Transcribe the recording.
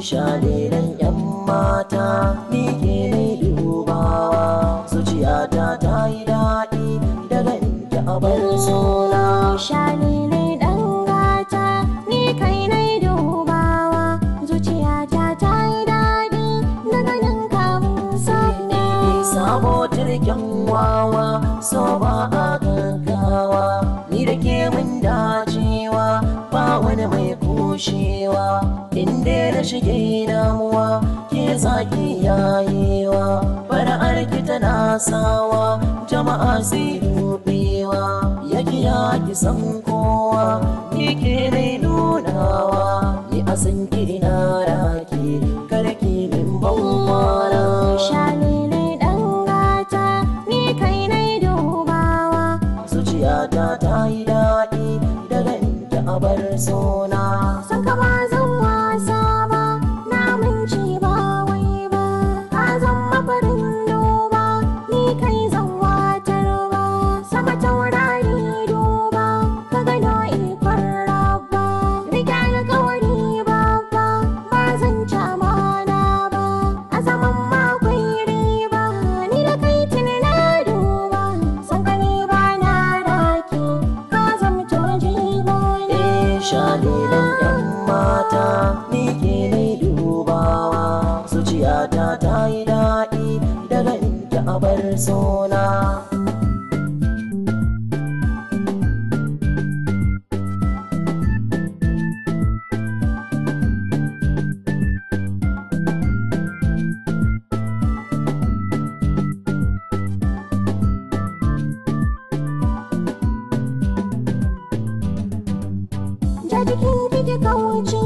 shalilan 'yan mata ni ke ne dubawa zuciyata ta yi daɗi daga inda abar suna shalilan ɗan gata ni kai ne dubawa zuciyata ta yi daɗi daga nan kamun sabo jirgin wawa so ba a shige damuwa ke zaki yayewa fara'ar ki tana sawa jama'a sai rubewa yaki ya ki san kowa ki ke dai nunawa ni a san ki ina raki karki min bawara shani ne dan gata ni kai ne dubawa zuciyata ta yi daɗi daga inda abar sona shalilan yan mata ni ke ne dubawa zuciyata ta yi daɗi daga inda abar sona I ki bir de kavacı